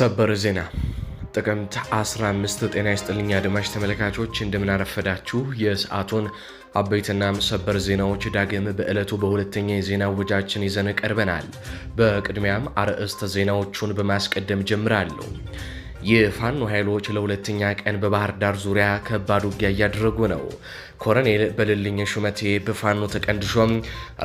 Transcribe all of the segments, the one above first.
ሰበር ዜና ጥቅምት 15 ጤና ይስጥልኝ አድማጭ ተመልካቾች፣ እንደምናረፈዳችሁ የሰዓቱን አበይትና ሰበር ዜናዎች ዳግም በዕለቱ በሁለተኛ የዜና ውጃችን ይዘን ቀርበናል። በቅድሚያም አርዕስተ ዜናዎቹን በማስቀደም ጀምራለሁ። የፋኖ ኃይሎች ለሁለተኛ ቀን በባህር ዳር ዙሪያ ከባድ ውጊያ እያደረጉ ነው። ኮረኔል በልልኝ ሹመቴ በፋኖ ተቀንድሾም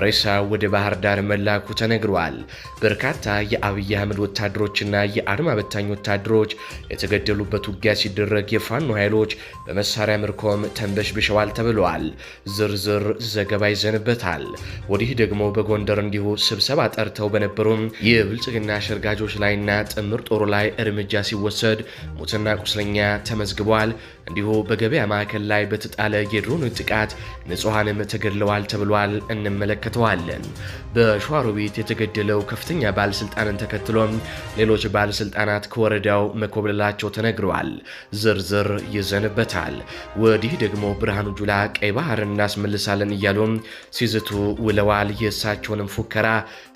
ሬሳ ወደ ባህር ዳር መላኩ ተነግሯል። በርካታ የአብይ አህመድ ወታደሮችና የአድማ በታኝ ወታደሮች የተገደሉበት ውጊያ ሲደረግ የፋኖ ኃይሎች በመሳሪያ ምርኮም ተንበሽብሸዋል ተብለዋል። ዝርዝር ዘገባ ይዘንበታል። ወዲህ ደግሞ በጎንደር እንዲሁ ስብሰባ ጠርተው በነበሩም የብልጽግና አሸርጋጆች ላይና ጥምር ጦሩ ላይ እርምጃ ሲወሰድ ሙትና ቁስለኛ ተመዝግቧል። እንዲሁ በገበያ ማዕከል ላይ በተጣለ የድሮን በሆኑት ጥቃት ንጹሐንም ተገድለዋል ተብሏል። እንመለከተዋለን። በሸዋሮቢት የተገደለው ከፍተኛ ባለስልጣንን ተከትሎም ሌሎች ባለስልጣናት ከወረዳው መኮብለላቸው ተነግረዋል። ዝርዝር ይዘንበታል። ወዲህ ደግሞ ብርሃኑ ጁላ ቀይ ባህር እናስመልሳለን እያሉም ሲዝቱ ውለዋል። የእሳቸውንም ፉከራ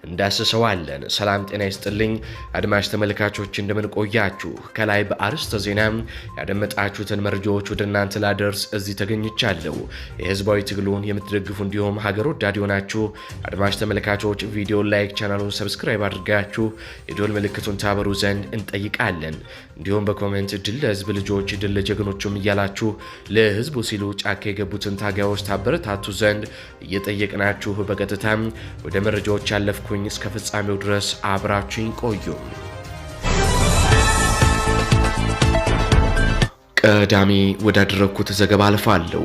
እንዳስሰዋለን። ሰላም ጤና ይስጥልኝ አድማጭ ተመልካቾች እንደምንቆያችሁ። ከላይ በአርስተ ዜና ያደመጣችሁትን መረጃዎች ወደ እናንተ ላደርስ እዚህ ተገኝቻለሁ። የህዝባዊ ትግሉን የምትደግፉ እንዲሁም ሀገር ወዳድ የሆናችሁ አድማጭ ተመልካቾች ቪዲዮ ላይክ፣ ቻናሉን ሰብስክራይብ አድርጋችሁ የዶል ምልክቱን ታበሩ ዘንድ እንጠይቃለን። እንዲሁም በኮሜንት ድል ለህዝብ ልጆች፣ ድል ለጀግኖቹም እያላችሁ ለህዝቡ ሲሉ ጫካ የገቡትን ታጋዮች ታበረታቱ ዘንድ እየጠየቅናችሁ በቀጥታ ወደ መረጃዎች ያለፍኩ ነበርኩኝ። እስከ ፍጻሜው ድረስ አብራችኝ ቆዩ ቀዳሚ ወዳደረግኩት ዘገባ አልፋለሁ።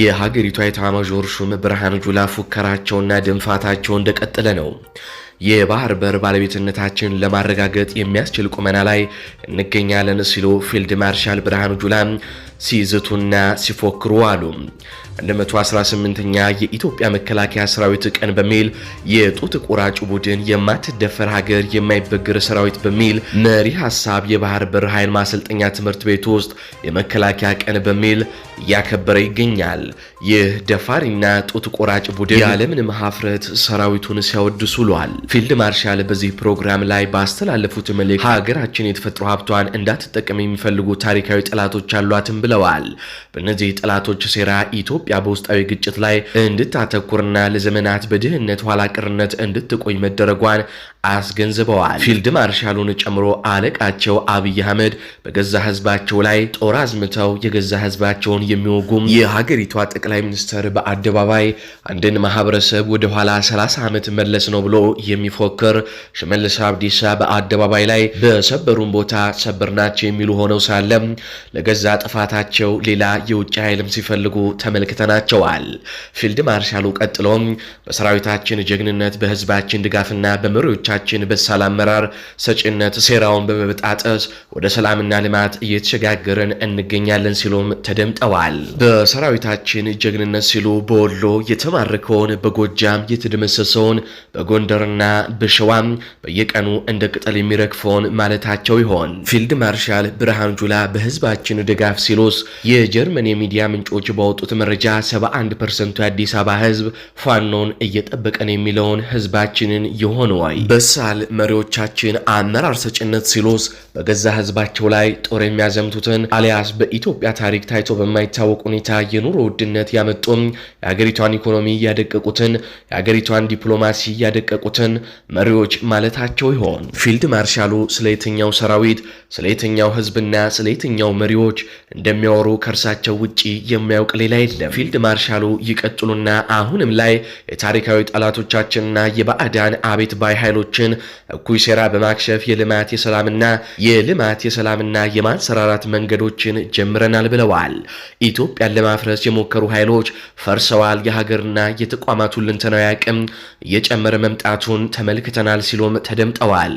የሀገሪቷ የኤታማዦር ሹም ብርሃኑ ጁላ ፉከራቸውና ድንፋታቸው እንደቀጠለ ነው። የባህር በር ባለቤትነታችን ለማረጋገጥ የሚያስችል ቁመና ላይ እንገኛለን ሲሉ ፊልድ ማርሻል ብርሃኑ ጁላ ሲዝቱና ሲፎክሩ አሉ። 118ኛ የኢትዮጵያ መከላከያ ሰራዊት ቀን በሚል የጡት ቆራጭ ቡድን የማትደፈር ሀገር የማይበግር ሰራዊት በሚል መሪ ሀሳብ የባህር በር ኃይል ማሰልጠኛ ትምህርት ቤት ውስጥ የመከላከያ ቀን በሚል እያከበረ ይገኛል። ይህ ደፋሪና ጡት ቆራጭ ቡድን ያለምንም ሀፍረት ሰራዊቱን ሲያወድሱ ውሏል። ፊልድ ማርሻል በዚህ ፕሮግራም ላይ ባስተላለፉት መልእክት ሀገራችን የተፈጥሮ ሀብቷን እንዳትጠቀም የሚፈልጉ ታሪካዊ ጠላቶች አሏትም ብለዋል። በእነዚህ ጠላቶች ሴራ ኢትዮጵያ ኢትዮጵያ በውስጣዊ ግጭት ላይ እንድታተኩርና ለዘመናት በድህነት ኋላ ቅርነት እንድትቆይ መደረጓን አስገንዝበዋል። ፊልድ ማርሻሉን ጨምሮ አለቃቸው አብይ አህመድ በገዛ ህዝባቸው ላይ ጦር አዝምተው የገዛ ህዝባቸውን የሚወጉም የሀገሪቷ ጠቅላይ ሚኒስትር በአደባባይ አንድን ማህበረሰብ ወደኋላ 30 ዓመት መለስ ነው ብሎ የሚፎክር ሽመልስ አብዲሳ በአደባባይ ላይ በሰበሩን ቦታ ሰበር ናቸው የሚሉ ሆነው ሳለም ለገዛ ጥፋታቸው ሌላ የውጭ ኃይልም ሲፈልጉ ተመልክተ ተናቸዋል። ፊልድ ማርሻሉ ቀጥሎም በሰራዊታችን ጀግንነት፣ በህዝባችን ድጋፍና በመሪዎቻችን በሳል አመራር ሰጪነት ሴራውን በመበጣጠስ ወደ ሰላምና ልማት እየተሸጋገረን እንገኛለን ሲሉም ተደምጠዋል። በሰራዊታችን ጀግንነት ሲሉ በወሎ የተማረከውን፣ በጎጃም የተደመሰሰውን፣ በጎንደርና በሸዋም በየቀኑ እንደ ቅጠል የሚረግፈውን ማለታቸው ይሆን? ፊልድ ማርሻል ብርሃኑ ጁላ በህዝባችን ድጋፍ ሲሉስ የጀርመን የሚዲያ ምንጮች ባወጡት መረጃ 71 ፐርሰንቱ የአዲስ አበባ ህዝብ ፋኖን እየጠበቀን የሚለውን ህዝባችንን የሆነዋይ በሳል መሪዎቻችን አመራር ሰጭነት ሲሎስ በገዛ ህዝባቸው ላይ ጦር የሚያዘምቱትን አሊያስ በኢትዮጵያ ታሪክ ታይቶ በማይታወቅ ሁኔታ የኑሮ ውድነት ያመጡም የሀገሪቷን ኢኮኖሚ እያደቀቁትን የሀገሪቷን ዲፕሎማሲ እያደቀቁትን መሪዎች ማለታቸው ይሆን? ፊልድ ማርሻሉ ስለ የትኛው ሰራዊት ስለ የትኛው ህዝብና ስለ የትኛው መሪዎች እንደሚያወሩ ከእርሳቸው ውጪ የማያውቅ ሌላ የለም። ከፊልድ ማርሻሉ ይቀጥሉና አሁንም ላይ የታሪካዊ ጠላቶቻችንና የባዕዳን አቤት ባይ ኃይሎችን እኩይ ሴራ በማክሸፍ የልማት የሰላምና የልማት የሰላምና የማንሰራራት መንገዶችን ጀምረናል ብለዋል። ኢትዮጵያን ለማፍረስ የሞከሩ ኃይሎች ፈርሰዋል፣ የሀገርና የተቋማቱን ልንተናዊ አቅም እየጨመረ መምጣቱን ተመልክተናል ሲሉም ተደምጠዋል።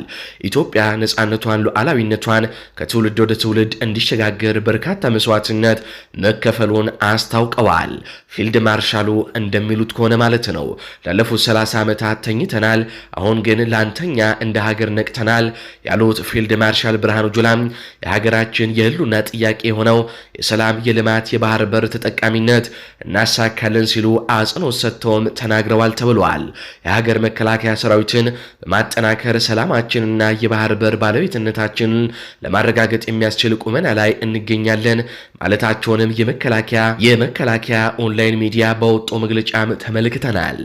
ኢትዮጵያ ነፃነቷን፣ ሉዓላዊነቷን ከትውልድ ወደ ትውልድ እንዲሸጋገር በርካታ መስዋዕትነት መከፈሉን አስታውቀዋል። ተናግረዋል። ፊልድ ማርሻሉ እንደሚሉት ከሆነ ማለት ነው ላለፉት 30 ዓመታት ተኝተናል፣ አሁን ግን ላንተኛ እንደ ሀገር ነቅተናል ያሉት ፊልድ ማርሻል ብርሃኑ ጁላም የሀገራችን የህሉና ጥያቄ የሆነው የሰላም፣ የልማት፣ የባህር በር ተጠቃሚነት እናሳካለን ሲሉ አጽንኦት ሰጥተውም ተናግረዋል ተብሏል። የሀገር መከላከያ ሰራዊትን በማጠናከር ሰላማችንና የባህር በር ባለቤትነታችንን ለማረጋገጥ የሚያስችል ቁመና ላይ እንገኛለን ማለታቸውንም የመከላከያ የመከላከያ መከላከያ ኦንላይን ሚዲያ በወጣው መግለጫም ተመልክተናል።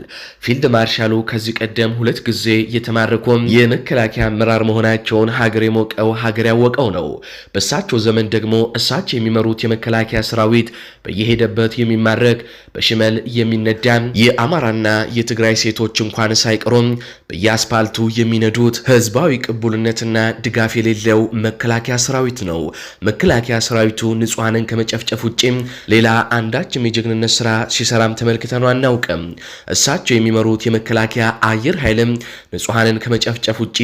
ፊልድ ማርሻሉ ከዚህ ቀደም ሁለት ጊዜ የተማረኩም የመከላከያ አመራር መሆናቸውን ሀገር የሞቀው ሀገር ያወቀው ነው። በእሳቸው ዘመን ደግሞ እሳቸው የሚመሩት የመከላከያ ሰራዊት በየሄደበት የሚማረክ በሽመል የሚነዳም የአማራና የትግራይ ሴቶች እንኳን ሳይቀሩም በየአስፓልቱ የሚነዱት ህዝባዊ ቅቡልነትና ድጋፍ የሌለው መከላከያ ሰራዊት ነው። መከላከያ ሰራዊቱ ንጹሐንን ከመጨፍጨፍ ውጭም ሌላ አንዳችም የጀግንነት ስራ ሲሰራም ተመልክተን አናውቅም። እሳቸው የሚመሩት የመከላከያ አየር ኃይልም ንጹሐንን ከመጨፍጨፍ ውጭ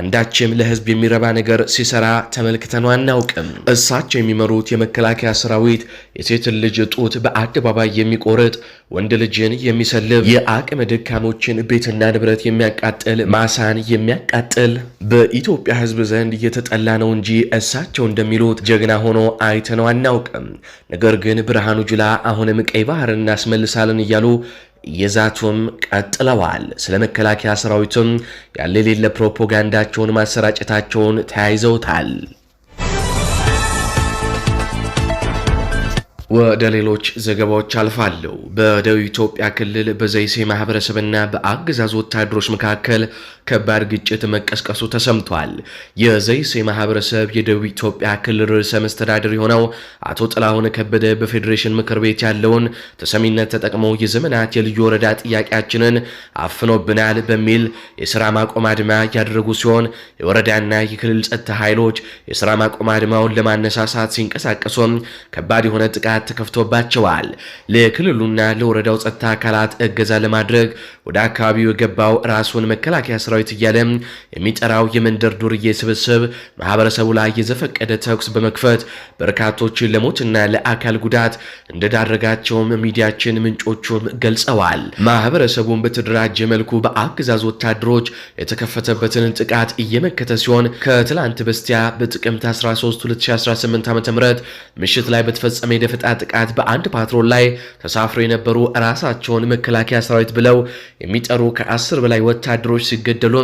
አንዳችም ለህዝብ የሚረባ ነገር ሲሰራ ተመልክተን አናውቅም። እሳቸው የሚመሩት የመከላከያ ሰራዊት የሴትን ልጅ ጡት በአደባባይ የሚቆርጥ ወንድ ልጅን የሚሰልብ የአቅመ ደካሞችን ቤትና ንብረት የሚያቃጥል ማሳን የሚያቃጥል በኢትዮጵያ ህዝብ ዘንድ የተጠላ ነው እንጂ እሳቸው እንደሚሉት ጀግና ሆኖ አይተነው አናውቅም። ነገር ግን ብርሃኑ ጁላ አሁንም ዳግም ቀይ ባህር እናስመልሳለን እያሉ የዛቱም ቀጥለዋል። ስለ መከላከያ ሰራዊቱም ያለ የሌለ ፕሮፓጋንዳቸውን ማሰራጨታቸውን ተያይዘውታል። ወደ ሌሎች ዘገባዎች አልፋለሁ። በደቡብ ኢትዮጵያ ክልል በዘይሴ ማህበረሰብና በአገዛዝ ወታደሮች መካከል ከባድ ግጭት መቀስቀሱ ተሰምቷል። የዘይሴ ማህበረሰብ የደቡብ ኢትዮጵያ ክልል ርዕሰ መስተዳድር የሆነው አቶ ጥላሁን ከበደ በፌዴሬሽን ምክር ቤት ያለውን ተሰሚነት ተጠቅመው የዘመናት የልዩ ወረዳ ጥያቄያችንን አፍኖብናል በሚል የስራ ማቆም አድማ ያደረጉ ሲሆን የወረዳና የክልል ጸጥታ ኃይሎች የስራ ማቆም አድማውን ለማነሳሳት ሲንቀሳቀሱም ከባድ የሆነ ጥቃት ማዕከላት ተከፍቶባቸዋል። ለክልሉና ለወረዳው ጸጥታ አካላት እገዛ ለማድረግ ወደ አካባቢው የገባው ራሱን መከላከያ ሰራዊት እያለም የሚጠራው የመንደር ዱርዬ ስብስብ ማህበረሰቡ ላይ የዘፈቀደ ተኩስ በመክፈት በርካቶችን ለሞትና ለአካል ጉዳት እንደዳረጋቸውም ሚዲያችን ምንጮቹም ገልጸዋል። ማህበረሰቡን በተደራጀ መልኩ በአገዛዝ ወታደሮች የተከፈተበትን ጥቃት እየመከተ ሲሆን ከትላንት በስቲያ በጥቅምት 13 2018 ዓ ም ምሽት ላይ በተፈጸመ የደፈጣ ጥቃት በአንድ ፓትሮል ላይ ተሳፍረው የነበሩ ራሳቸውን መከላከያ ሰራዊት ብለው የሚጠሩ ከአስር በላይ ወታደሮች ሲገደሉ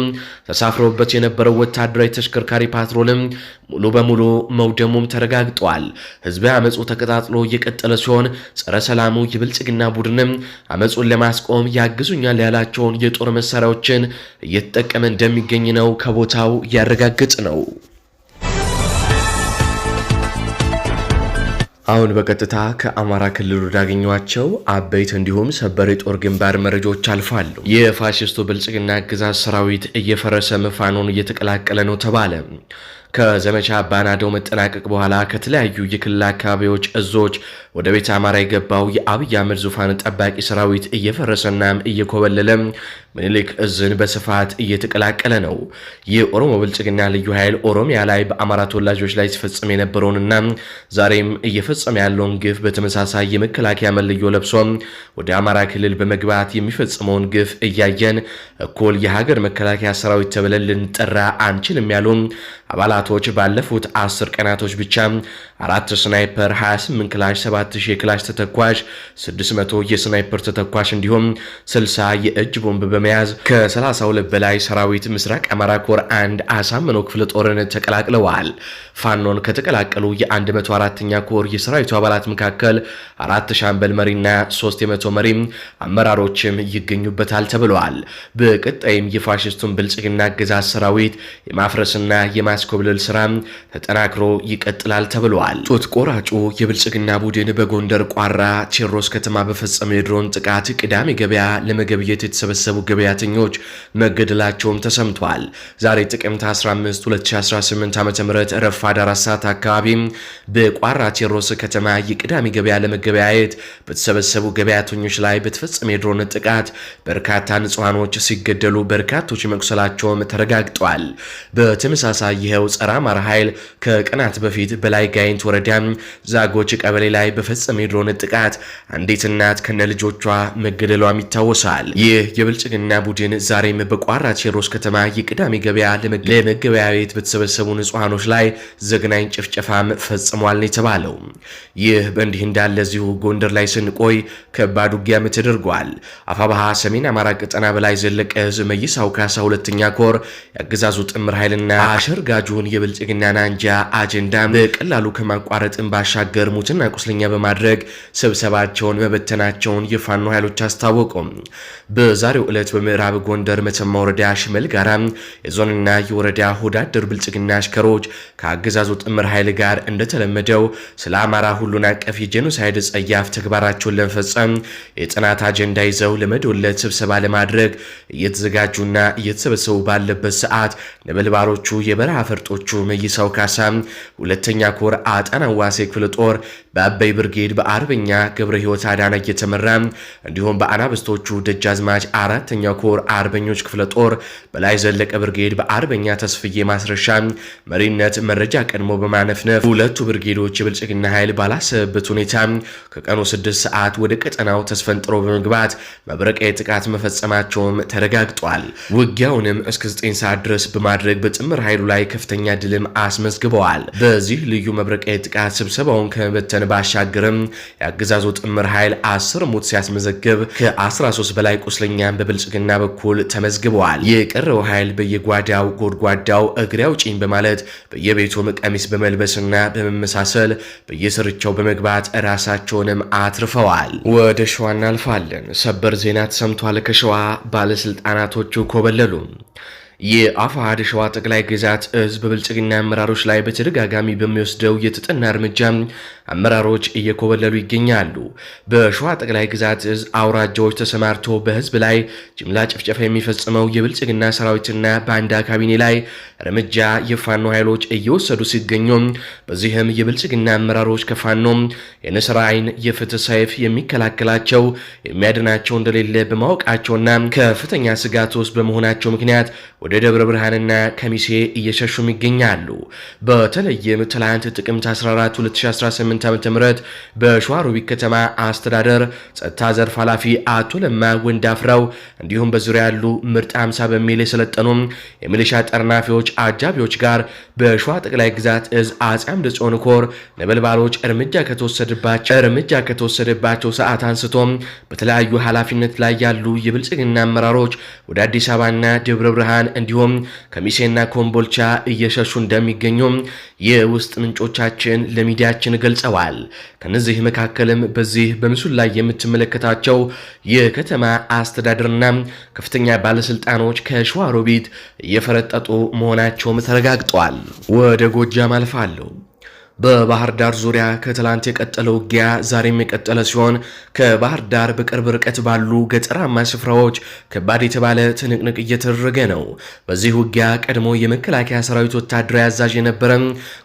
ተሳፍረውበት የነበረው ወታደራዊ ተሽከርካሪ ፓትሮልም ሙሉ በሙሉ መውደሙም ተረጋግጧል። ህዝበ አመፁ ተቀጣጥሎ እየቀጠለ ሲሆን ጸረ ሰላሙ የብልጽግና ቡድንም አመፁን ለማስቆም ያግዙኛል ያላቸውን የጦር መሳሪያዎችን እየተጠቀመ እንደሚገኝ ነው ከቦታው ያረጋግጥ ነው። አሁን በቀጥታ ከአማራ ክልል ወዳገኟቸው አበይት እንዲሁም ሰበር የጦር ግንባር መረጃዎች አልፋሉ። የፋሽስቱ ብልጽግና አገዛዝ ሰራዊት እየፈረሰ መፋኖን እየተቀላቀለ ነው ተባለ። ከዘመቻ ባናደው መጠናቀቅ በኋላ ከተለያዩ የክልል አካባቢዎች እዞች ወደ ቤተ አማራ የገባው የአብይ አህመድ ዙፋን ጠባቂ ሰራዊት እየፈረሰና እየኮበለለ ምኒልክ እዝን በስፋት እየተቀላቀለ ነው። የኦሮሞ ብልጽግና ልዩ ኃይል ኦሮሚያ ላይ በአማራ ተወላጆች ላይ ሲፈጽም የነበረውንና ዛሬም እየፈጸመ ያለውን ግፍ በተመሳሳይ የመከላከያ መለዮ ለብሶ ወደ አማራ ክልል በመግባት የሚፈጽመውን ግፍ እያየን እኩል የሀገር መከላከያ ሰራዊት ተብለን ልንጠራ አንችልም ያሉ አባላቶች ባለፉት አስር ቀናቶች ብቻ አራት ስናይፐር 28 ክላሽ 7000 የክላሽ ተተኳሽ 600 የስናይፐር ተተኳሽ እንዲሁም 60 የእጅ ቦምብ በመያዝ ከ32 በላይ ሰራዊት ምስራቅ አማራ ኮር አንድ አሳምነው ክፍለ ጦርን ተቀላቅለዋል። ፋኖን ከተቀላቀሉ የ104ኛ ኮር የሰራዊቱ አባላት መካከል አራት ሻምበል መሪና ሶስት የመቶ መሪ አመራሮችም ይገኙበታል ተብለዋል። በቀጣይም የፋሽስቱን ብልጽግና አገዛዝ ሰራዊት የማፍረስና የማስኮብለል ስራ ተጠናክሮ ይቀጥላል ተብለዋል። ጡት ቆራጩ የብልጽግና ቡድን በጎንደር ቋራ ቴዎድሮስ ከተማ በፈጸመው የድሮን ጥቃት ቅዳሜ ገበያ ለመገብየት የተሰበሰቡ ገበያተኞች መገደላቸውም ተሰምቷል። ዛሬ ጥቅምት 15 2018 ዓ ም ረፋድ አራት ሰዓት አካባቢ በቋራ ቴዎድሮስ ከተማ የቅዳሜ ገበያ ለመገበያየት በተሰበሰቡ ገበያተኞች ላይ በተፈጸመ የድሮን ጥቃት በርካታ ንጹሐኖች ሲገደሉ በርካቶች መቁሰላቸውም ተረጋግጧል። በተመሳሳይ ይኸው ጸረ አማራ ኃይል ከቀናት በፊት በላይ ጋይንት ወረዳ ዛጎች ቀበሌ ላይ በፈጸመ የድሮን ጥቃት አንዲት እናት ከነ ልጆቿ መገደሏም ይታወሳል። ይህ የብልጽግና ቡድን ዛሬም በቋራ ቴሮስ ከተማ የቅዳሜ ገበያ ለመገበያየት በተሰበሰቡ ንጹሐኖች ላይ ዘግናኝ ጭፍጨፋም ፈጽሟል ነው የተባለው። ይህ በእንዲህ እንዳለ እዚሁ ጎንደር ላይ ስንቆይ ከባድ ውጊያም ተደርጓል። አፋባሃ ሰሜን አማራ ቀጠና በላይ ዘለቀ ህዝብ መይሳው ካሳ ሁለተኛ ኮር የአገዛዙ ጥምር ኃይልና አሸርጋጁን የብልጽግና ናንጃ አጀንዳ በቀላሉ ከማቋረጥን ባሻገር ሙትና ቁስለኛ በማድረግ ስብሰባቸውን መበተናቸውን የፋኖ ኃይሎች አስታወቁም። በዛሬው ዕለት በምዕራብ ጎንደር መተማ ወረዳ ሽመል ጋራ የዞንና የወረዳ ሆዳደር ብልጽግና አሽከሮች ከአገዛዙ ጥምር ኃይል ጋር እንደተለመደው ስለ አማራ ሁሉን አቀፍ የጄኖሳይድ ጸያፍ ተግባራቸውን ለመፈጸም የጥናት አጀንዳ ይዘው ለመደወለት ስብሰባ ለማድረግ እየተዘጋጁና እየተሰበሰቡ ባለበት ሰዓት ነበልባሎቹ የበረሃ ፈርጦቹ መይሳው ካሳ ሁለተኛ ኮር አጣናዋሴ ክፍለ ጦር በአበይ ብርጌድ በአርበኛ ገብረ ህይወት አዳና እየተመራ እንዲሁም በአናብስቶቹ ደጃዝማች አራተኛ ኮር አርበኞች ክፍለ ጦር በላይ ዘለቀ ብርጌድ በአርበኛ ተስፍዬ ማስረሻ መሪነት መረጃ ቀድሞ በማነፍነፍ ሁለቱ ብርጌዶች የብልጽግና ኃይል ባላሰበበት ሁኔታ ከቀኑ 6 ሰዓት ወደ ቀጠናው ተስፈንጥሮ በመግባት መብረቃዊ ጥቃት መፈጸማቸውም ተረጋግጧል። ውጊያውንም እስከ 9 ሰዓት ድረስ በማድረግ በጥምር ኃይሉ ላይ ከፍተኛ ድልም አስመዝግበዋል። በዚህ ልዩ መብረቃዊ ጥቃት ስብሰባውን ከመበተነ ባሻገርም የአገዛዙ ጥምር ኃይል 10 ሞት ሲያስመዘግብ ከ13 በላይ ቁስለኛን በብልጽግና በኩል ተመዝግበዋል። የቀረው ኃይል በየጓዳው ጎድጓዳው እግሬ አውጪኝ በማለት በየቤቱም ቀሚስ በመልበስና በመመሳሰል በየስርቻው በመግባት ራሳቸውንም አትርፈዋል። ወደ ሸዋ እናልፋለን። ሰበር ዜና ተሰምቷል። ከሸዋ ባለስልጣናቶቹ ኮበለሉ። የአፋሃድ ሸዋ ጠቅላይ ግዛት እዝ በብልጽግና አመራሮች ላይ በተደጋጋሚ በሚወስደው የተጠና እርምጃ አመራሮች እየኮበለሉ ይገኛሉ። በሸዋ ጠቅላይ ግዛት እዝ አውራጃዎች ተሰማርቶ በህዝብ ላይ ጅምላ ጭፍጨፋ የሚፈጽመው የብልጽግና ሰራዊትና ባንዳ ካቢኔ ላይ እርምጃ የፋኖ ኃይሎች እየወሰዱ ሲገኙ በዚህም የብልጽግና አመራሮች ከፋኖ የንስር አይን የፍትህ ሰይፍ የሚከላከላቸው የሚያድናቸው እንደሌለ በማወቃቸውና ከፍተኛ ስጋት ውስጥ በመሆናቸው ምክንያት ወደ ደብረ ብርሃንና ከሚሴ እየሸሹም ይገኛሉ። በተለይም ትላንት ጥቅምት 14 2018 2018 ዓ ም በሸዋሮቢት ከተማ አስተዳደር ጸጥታ ዘርፍ ኃላፊ አቶ ለማ ወንዳፍራው እንዲሁም በዙሪያ ያሉ ምርጥ 50 በሚል የሰለጠኑ የሚሊሻ ጠርናፊዎች አጃቢዎች ጋር በሸዋ ጠቅላይ ግዛት እዝ አጼ አምደ ጽዮን ኮር ነበልባሎች እርምጃ ከተወሰደባቸው እርምጃ ከተወሰደባቸው ሰዓት አንስቶ በተለያዩ ኃላፊነት ላይ ያሉ የብልጽግና አመራሮች ወደ አዲስ አበባና ደብረ ብርሃን እንዲሁም ከሚሴና ኮምቦልቻ እየሸሹ እንደሚገኙ የውስጥ ምንጮቻችን ለሚዲያችን ገልጸዋል። ገልጸዋል። ከነዚህ መካከልም በዚህ በምስሉ ላይ የምትመለከታቸው የከተማ አስተዳደርና ከፍተኛ ባለስልጣኖች ከሸዋሮቢት እየፈረጠጡ መሆናቸውም ተረጋግጧል። ወደ ጎጃም አልፋለሁ። በባህር ዳር ዙሪያ ከትላንት የቀጠለው ውጊያ ዛሬም የቀጠለ ሲሆን ከባህር ዳር በቅርብ ርቀት ባሉ ገጠራማ ስፍራዎች ከባድ የተባለ ትንቅንቅ እየተደረገ ነው። በዚህ ውጊያ ቀድሞ የመከላከያ ሰራዊት ወታደራዊ አዛዥ የነበረ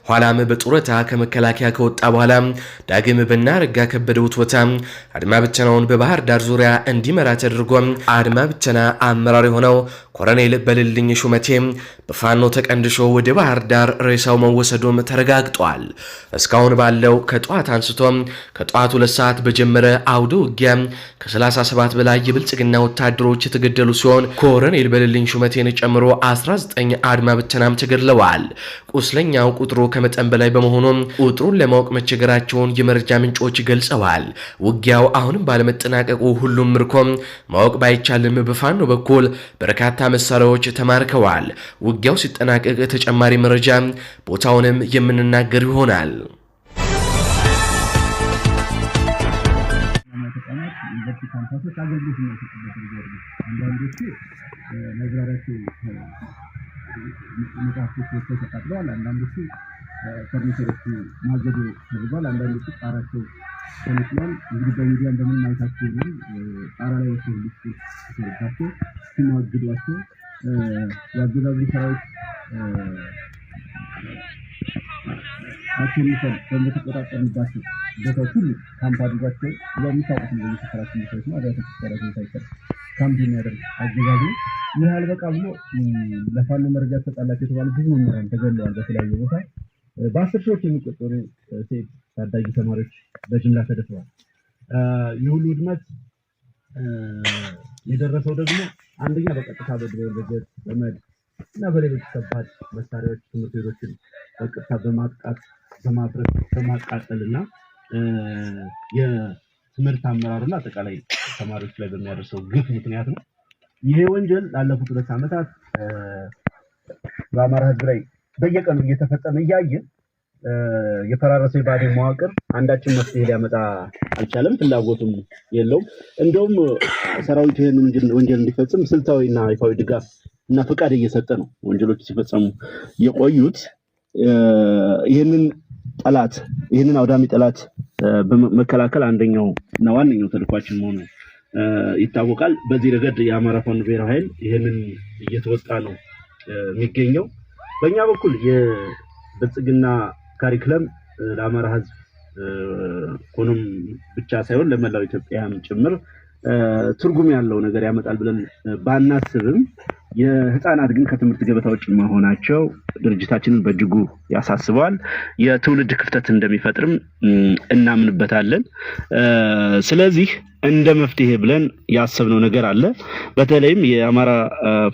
ኋላም በጡረታ ከመከላከያ ከወጣ በኋላ ዳግም በናረጋ ከበደ ውትወታ አድማ ብተናውን በባህር ዳር ዙሪያ እንዲመራ ተደርጎ አድማ ብተና አመራር የሆነው ኮረኔል በልልኝ ሹመቴ በፋኖ ተቀንድሾ ወደ ባህር ዳር ሬሳው መወሰዱም ተረጋግጧል። እስካሁን ባለው ከጠዋት አንስቶ ከጠዋት ሁለት ሰዓት በጀመረ አውደ ውጊያ ከ37 በላይ የብልጽግና ወታደሮች የተገደሉ ሲሆን ኮረኔል በልልኝ ሹመቴን ጨምሮ 19 አድማ ብተናም ተገድለዋል። ቁስለኛው ቁጥሩ ከመጠን በላይ በመሆኑ ቁጥሩን ለማወቅ መቸገራቸውን የመረጃ ምንጮች ገልጸዋል። ውጊያው አሁንም ባለመጠናቀቁ ሁሉም ምርኮ ማወቅ ባይቻልም በፋኖ በኩል በርካታ መሳሪያዎች ተማርከዋል። ውጊያው ሲጠናቀቅ ተጨማሪ መረጃ ቦታውንም የምንናገር ይሆናል። ይሆናል። መጽሐፍቶች ወጥተው አንዳንዶቹ ፈርኒቸሮቹ ማገዶ ተደርጓል። አንዳንዶቹ ጣራቸው ተነቅሏል። እንግዲህ በሚዲያ እንደምናይታቸው ይሆናል። ጣራ ላይ ወሰ ልስ ተሰርባቸው ሲማግዷቸው የአገዛዙ ሰራዊት አሸንፈን በምትቆጣጠርባቸው ቦታዎች ሁሉ ካምፕ አድርጓቸው የሚታወቁት ነው የተሰራች ቦታዎች ነው። አብያተ ክርስቲያናት ሳይቀር ካምፕ የሚያደርግ አገዛዝ ነው። ይህ አልበቃ ብሎ ለፋኖ መረጃ ተሰጣላቸው የተባሉ ብዙ መምህራን ተገለዋል። በተለያየ ቦታ በአስር ሰዎች የሚቆጠሩ ሴት ታዳጊ ተማሪዎች በጅምላ ተደፍረዋል። ይህ ውድመት የደረሰው ደግሞ አንደኛ በቀጥታ በድሮን በጀት በመድ እና በሌሎች ከባድ መሳሪያዎች ትምህርት ቤቶችን በቀጥታ በማጥቃት በማፍረስ በማቃጠል እና የትምህርት አመራር እና አጠቃላይ ተማሪዎች ላይ በሚያደርሰው ግፍ ምክንያት ነው። ይሄ ወንጀል ላለፉት ሁለት ዓመታት በአማራ ሕዝብ ላይ በየቀኑ እየተፈጸመ እያየን የፈራረሰ የባዴን መዋቅር አንዳችን መፍትሄ ሊያመጣ አልቻለም። ፍላጎቱም የለውም። እንደውም ሰራዊቱ ይህን ወንጀል እንዲፈጽም ስልታዊና ይፋዊ ድጋፍ እና ፈቃድ እየሰጠ ነው። ወንጀሎች ሲፈጸሙ የቆዩት ይህንን ጠላት ይህንን አውዳሚ ጠላት በመከላከል አንደኛው እና ዋነኛው ተልኳችን መሆኑ ይታወቃል። በዚህ ረገድ የአማራ ፋኖ ብሔራዊ ኃይል ይህንን እየተወጣ ነው የሚገኘው። በእኛ በኩል የብልጽግና ካሪክለም ለአማራ ህዝብ ሆኖም ብቻ ሳይሆን ለመላው ኢትዮጵያም ጭምር ትርጉም ያለው ነገር ያመጣል ብለን ባናስብም የህፃናት ግን ከትምህርት ገበታ ውጭ መሆናቸው ድርጅታችንን በእጅጉ ያሳስበዋል። የትውልድ ክፍተት እንደሚፈጥርም እናምንበታለን። ስለዚህ እንደ መፍትሄ ብለን ያሰብነው ነገር አለ። በተለይም የአማራ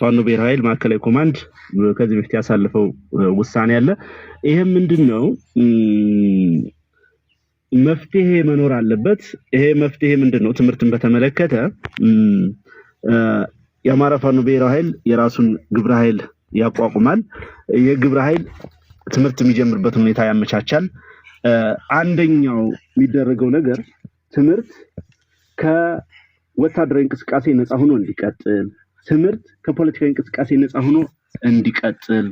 ፋኖ ብሔራዊ ኃይል ማዕከላዊ ኮማንድ ከዚህ በፊት ያሳልፈው ውሳኔ አለ። ይህም ምንድን ነው? መፍትሄ መኖር አለበት። ይሄ መፍትሄ ምንድን ነው? ትምህርትን በተመለከተ የአማራ ፋኖ ብሔራዊ ኃይል የራሱን ግብረ ኃይል ያቋቁማል። የግብረ ኃይል ትምህርት የሚጀምርበት ሁኔታ ያመቻቻል። አንደኛው የሚደረገው ነገር ትምህርት ከወታደራዊ እንቅስቃሴ ነፃ ሆኖ እንዲቀጥል፣ ትምህርት ከፖለቲካዊ እንቅስቃሴ ነፃ ሆኖ እንዲቀጥል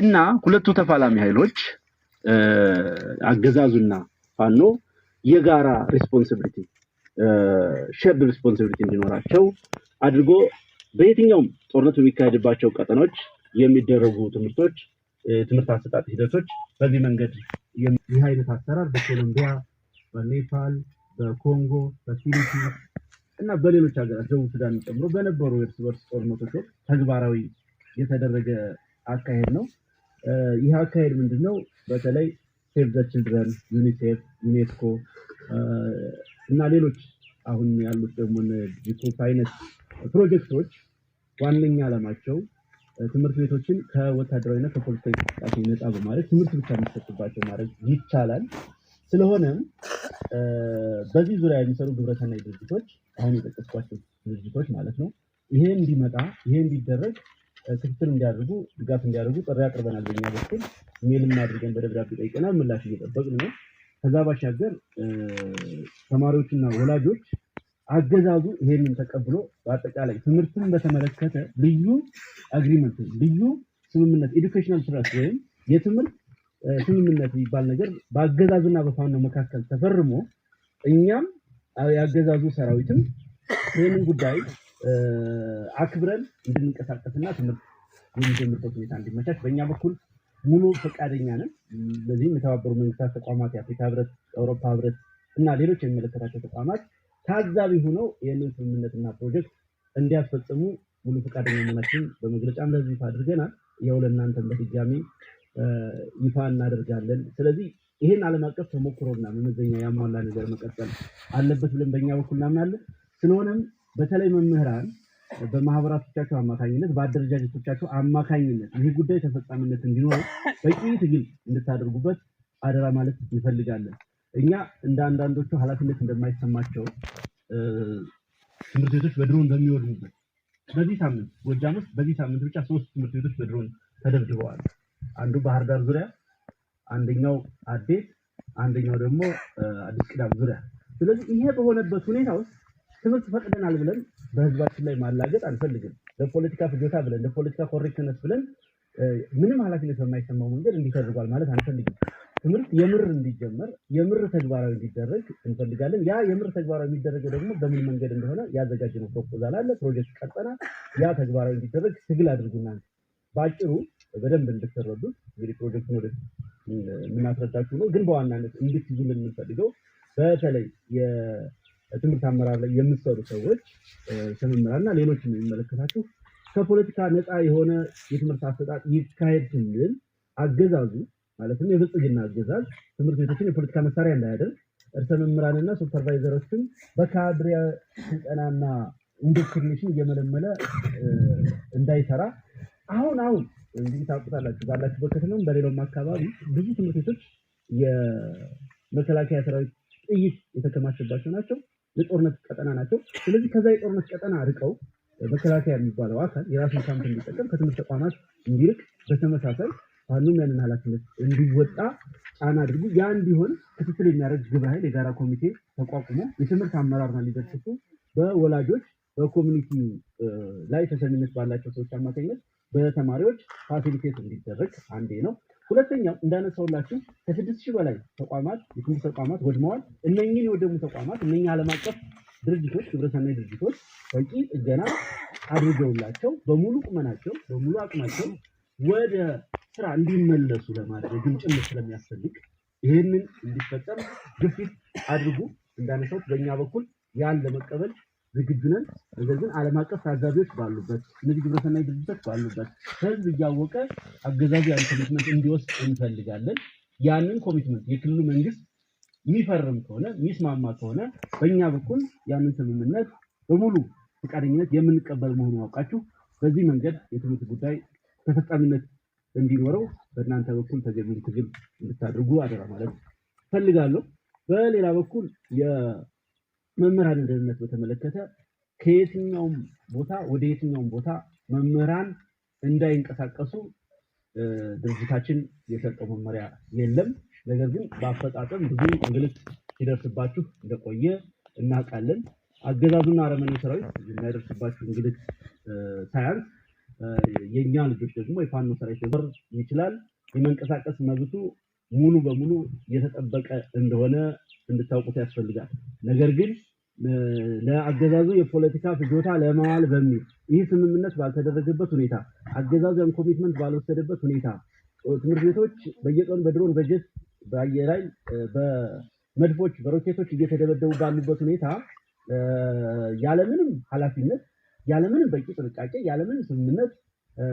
እና ሁለቱ ተፋላሚ ኃይሎች አገዛዙና ፋኖ የጋራ ሪስፖንሲቢሊቲ ሸርድ ሪስፖንሲቢሊቲ እንዲኖራቸው አድርጎ በየትኛውም ጦርነት የሚካሄድባቸው ቀጠኖች የሚደረጉ ትምህርቶች፣ ትምህርት አሰጣጥ ሂደቶች በዚህ መንገድ ይህ አይነት አሰራር በኮሎምቢያ፣ በኔፓል፣ በኮንጎ፣ በፊሊፒ እና በሌሎች ሀገራት ደቡብ ሱዳን ጨምሮ በነበሩ የእርስ በርስ ጦርነቶች ወቅት ተግባራዊ የተደረገ አካሄድ ነው። ይህ አካሄድ ምንድን ነው? በተለይ ሴቭ ዘ ችልድረን፣ ዩኒሴፍ፣ ዩኔስኮ እና ሌሎች አሁን ያሉት ደግሞ ጂኮፕ ፕሮጀክቶች ዋነኛ ዓላማቸው uh, ትምህርት ቤቶችን ከወታደራዊና ከፖለቲካዊ እንቅስቃሴ ነፃ በማድረግ ትምህርት ብቻ የሚሰጥባቸው ማድረግ ይቻላል። ስለሆነም uh, በዚህ ዙሪያ የሚሰሩ ግብረሰናይ ድርጅቶች አሁን የጠቀስኳቸው ድርጅቶች ማለት ነው ይሄ እንዲመጣ ይሄ እንዲደረግ ክትትል እንዲያደርጉ ድጋፍ እንዲያደርጉ ጥሪ አቅርበናል። በኛ በኩል ሜልም አድርገን በደብዳቤ ጠይቀናል። ምላሽ እየጠበቅን ነው። ከዛ ባሻገር ተማሪዎችና ወላጆች አገዛዙ ይሄንን ተቀብሎ በአጠቃላይ ትምህርትን በተመለከተ ልዩ አግሪመንት ልዩ ስምምነት ኤዱኬሽናል ስራት ወይም የትምህርት ስምምነት የሚባል ነገር በአገዛዝና በፋኖ መካከል ተፈርሞ እኛም የአገዛዙ ሰራዊትም ይህንን ጉዳይ አክብረን እንድንቀሳቀስና ትምህርት የሚጀምርበት ሁኔታ እንዲመቻች በእኛ በኩል ሙሉ ፈቃደኛ ነን። በዚህም የተባበሩ መንግስታት ተቋማት፣ የአፍሪካ ህብረት፣ የአውሮፓ ህብረት እና ሌሎች የሚመለከታቸው ተቋማት ታዛቢ ሆነው ይህንን ስምምነትና ፕሮጀክት እንዲያስፈጽሙ ሙሉ ፈቃደኛ መሆናችን በመግለጫ ለህዝብ ይፋ አድርገናል። ያው ለእናንተም በድጋሚ ይፋ እናደርጋለን። ስለዚህ ይህን ዓለም አቀፍ ተሞክሮና መመዘኛ ያሟላ ነገር መቀጠል አለበት ብለን በእኛ በኩል እናምናለን። ስለሆነም በተለይ መምህራን በማህበራቶቻቸው አማካኝነት በአደረጃጀቶቻቸው አማካኝነት ይህ ጉዳይ ተፈጻሚነት እንዲኖር በቂ ትግል እንድታደርጉበት አደራ ማለት እንፈልጋለን። እኛ እንደ አንዳንዶቹ ኃላፊነት እንደማይሰማቸው ትምህርት ቤቶች በድሮን በሚወድሙበት በዚህ ሳምንት ጎጃም ውስጥ በዚህ ሳምንት ብቻ ሶስት ትምህርት ቤቶች በድሮን ተደብድበዋል። አንዱ ባህር ዳር ዙሪያ፣ አንደኛው አዴት፣ አንደኛው ደግሞ አዲስ ቅዳም ዙሪያ። ስለዚህ ይሄ በሆነበት ሁኔታ ውስጥ ትምህርት ፈቅደናል ብለን በህዝባችን ላይ ማላገጥ አንፈልግም። ለፖለቲካ ፍጆታ ብለን ለፖለቲካ ኮሬክትነት ብለን ምንም ኃላፊነት በማይሰማው መንገድ እንዲተደርጓል ማለት አንፈልግም። ትምህርት የምር እንዲጀመር የምር ተግባራዊ እንዲደረግ እንፈልጋለን። ያ የምር ተግባራዊ የሚደረገው ደግሞ በምን መንገድ እንደሆነ ያዘጋጀነው ፕሮፖዛል አለ፣ ፕሮጀክት ቀጠና። ያ ተግባራዊ እንዲደረግ ትግል አድርጉና በአጭሩ በደንብ እንድትረዱት እንግዲህ ፕሮጀክቱን ወደ የምናስረዳችሁ ነው። ግን በዋናነት እንድትይዙልን የምንፈልገው በተለይ ትምህርት አመራር ላይ የምትሰሩ ሰዎች ተመምህራንና ሌሎች የሚመለከታችሁ ከፖለቲካ ነፃ የሆነ የትምህርት አሰጣጥ ይካሄድ ስንል አገዛዙ ማለትም የብልጽግና አገዛዝ ትምህርት ቤቶችን የፖለቲካ መሳሪያ እንዳያደርግ እርሰ መምህራንና ሱፐርቫይዘሮችን በካድሬ ስልጠናና ኢንዶክትሪኔሽን እየመለመለ እንዳይሰራ አሁን አሁን እንግዲህ ታውቁታላችሁ ባላችሁበት ከተማም በሌላውም አካባቢ ብዙ ትምህርት ቤቶች የመከላከያ ሰራዊት ጥይት የተከማቸባቸው ናቸው። የጦርነት ቀጠና ናቸው። ስለዚህ ከዛ የጦርነት ቀጠና ርቀው መከላከያ የሚባለው አካል የራሱን ካምፕ እንዲጠቀም ከትምህርት ተቋማት እንዲርቅ በተመሳሳይ ፋኖም ያንን ሀላፊነት እንዲወጣ ጫና አድርጉ። ያ እንዲሆን ክትትል የሚያደርግ ግብረ ኃይል የጋራ ኮሚቴ ተቋቁሞ የትምህርት አመራርና ሊደርስቱ በወላጆች በኮሚኒቲ ላይ ተሰሚነት ባላቸው ሰዎች አማካኝነት በተማሪዎች ፋሲሊቴት እንዲደረግ አንዴ ነው። ሁለተኛው እንዳነሳውላችሁ ከስድስት ሺህ በላይ ተቋማት የትምህርት ተቋማት ወድመዋል። እነኝህን የወደሙ ተቋማት እነኝህ ዓለም አቀፍ ድርጅቶች ግብረሰናይ ድርጅቶች በቂ ጥገና አድርገውላቸው በሙሉ ቁመናቸው በሙሉ አቅማቸው ወደ ስራ እንዲመለሱ ለማድረግም ጭምር ስለሚያስፈልግ ይህንን እንዲፈጸም ግፊት አድርጉ። እንዳነሳሁት በእኛ በኩል ያን ለመቀበል ዝግጁ ነን። ነገር ግን ዓለም አቀፍ ታዛቢዎች ባሉበት እነዚህ ግብረሰናይ ድርጅቶች ባሉበት ህዝብ እያወቀ አገዛዙ ያን ኮሚትመንት እንዲወስድ እንፈልጋለን። ያንን ኮሚትመንት የክልሉ መንግስት የሚፈርም ከሆነ የሚስማማ ከሆነ በእኛ በኩል ያንን ስምምነት በሙሉ ፈቃደኝነት የምንቀበል መሆኑን አውቃችሁ በዚህ መንገድ የትምህርት ጉዳይ ተፈጻሚነት እንዲኖረው በእናንተ በኩል ተገቢውን ትግል እንድታደርጉ አደራ ማለት ፈልጋለሁ። በሌላ በኩል መምህራንን ደህንነት በተመለከተ ከየትኛውም ቦታ ወደ የትኛውም ቦታ መምህራን እንዳይንቀሳቀሱ ድርጅታችን የሰጠው መመሪያ የለም። ነገር ግን በአፈጣጠም ብዙ እንግልት ሲደርስባችሁ እንደቆየ እናውቃለን። አገዛዙና አረመኔው ሰራዊት የሚያደርስባችሁ እንግልት ሳያንስ የእኛ ልጆች ደግሞ የፋኖ ሰራዊት ሊበር ይችላል። የመንቀሳቀስ መብቱ ሙሉ በሙሉ የተጠበቀ እንደሆነ እንድታውቁት ያስፈልጋል። ነገር ግን ለአገዛዙ የፖለቲካ ፍጆታ ለማዋል በሚል ይህ ስምምነት ባልተደረገበት ሁኔታ አገዛዙ ያን ኮሚትመንት ባልወሰደበት ሁኔታ ትምህርት ቤቶች በየቀኑ በድሮን በጀት በአየር ላይ በመድፎች በሮኬቶች እየተደበደቡ ባሉበት ሁኔታ ያለምንም ኃላፊነት ያለምንም በቂ ጥንቃቄ ያለምንም ስምምነት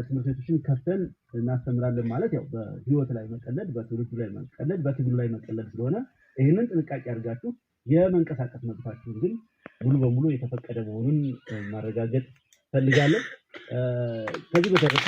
ትምህርት ቤቶችን ከፍተን እናስተምራለን ማለት ያው በህይወት ላይ መቀለድ፣ በትውልዱ ላይ መቀለድ፣ በትግሉ ላይ መቀለድ ስለሆነ ይህንን ጥንቃቄ አድርጋችሁ የመንቀሳቀስ መብታችሁን ግን ሙሉ በሙሉ የተፈቀደ መሆኑን ማረጋገጥ ፈልጋለን ከዚህ በተረፈ